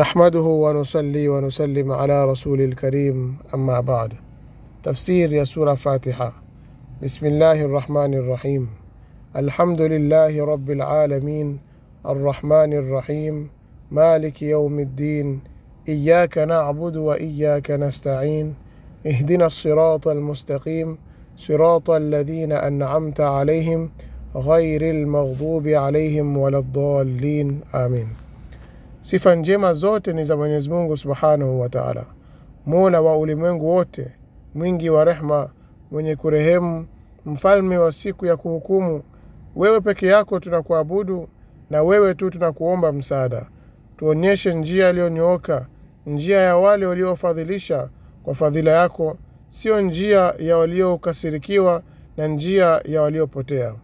نحمده ونصلي ونسلم على رسول الكريم أما بعد تفسير سورة فاتحة بسم الله الرحمن الرحيم الحمد لله رب العالمين الرحمن الرحيم مالك يوم الدين إياك نعبد وإياك نستعين اهدنا الصراط المستقيم صراط الذين أنعمت عليهم غير المغضوب عليهم ولا الضالين آمين Sifa njema zote ni za Mwenyezi Mungu subhanahu wa taala, mola wa ulimwengu wote, mwingi wa rehma, mwenye kurehemu, mfalme wa siku ya kuhukumu. Wewe peke yako tunakuabudu na wewe tu tunakuomba msaada. Tuonyeshe njia iliyonyooka, njia ya wale waliofadhilisha kwa fadhila yako, sio njia ya waliokasirikiwa na njia ya waliopotea.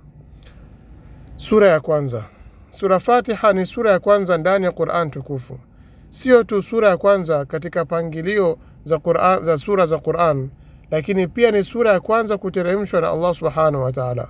Sura ya kwanza. Sura Fatiha ni sura ya kwanza ndani ya Qur'an tukufu. Sio tu sura ya kwanza katika pangilio za Qur'an, za sura za Qur'an, lakini pia ni sura ya kwanza kuteremshwa na Allah Subhanahu wa Ta'ala.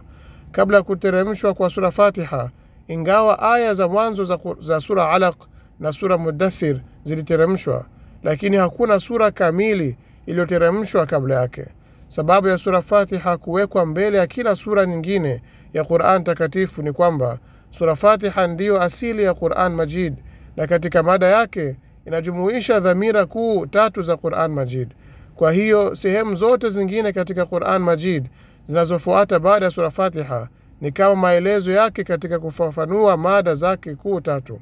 Kabla ya kuteremshwa kwa sura Fatiha, ingawa aya za mwanzo za, za sura Alaq na sura mudathir ziliteremshwa, lakini hakuna sura kamili iliyoteremshwa kabla yake. Sababu ya sura Fatiha kuwekwa mbele ya kila sura nyingine ya Quran takatifu ni kwamba sura Fatiha ndiyo asili ya Quran Majid, na katika mada yake inajumuisha dhamira kuu tatu za Quran Majid. Kwa hiyo sehemu zote zingine katika Quran Majid zinazofuata baada ya sura Fatiha ni kama maelezo yake katika kufafanua mada zake kuu tatu.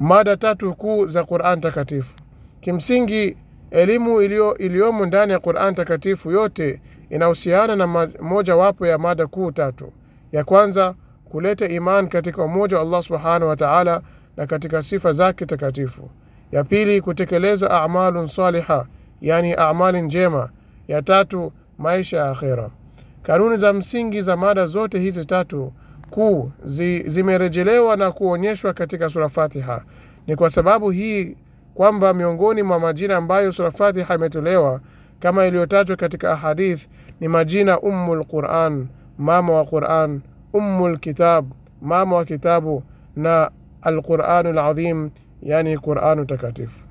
Mada tatu kuu za Quran takatifu kimsingi Elimu iliyomo ndani ya Qur'an takatifu yote inahusiana na moja wapo ya mada kuu tatu. Ya kwanza kuleta iman katika umoja wa Allah Subhanahu wa Ta'ala na katika sifa zake takatifu. Ya pili kutekeleza a'malun saliha, yani amali njema. Ya tatu maisha ya akhira Kanuni za msingi za mada zote hizi tatu kuu zi, zimerejelewa na kuonyeshwa katika sura Fatiha. Ni kwa sababu hii kwamba miongoni mwa majina ambayo sura Fatiha imetolewa kama iliyotajwa katika ahadith ni majina Ummul Quran, mama wa Quran, Ummul Kitab, mama wa kitabu na Alquranu Ladhim, yani Quranu takatifu.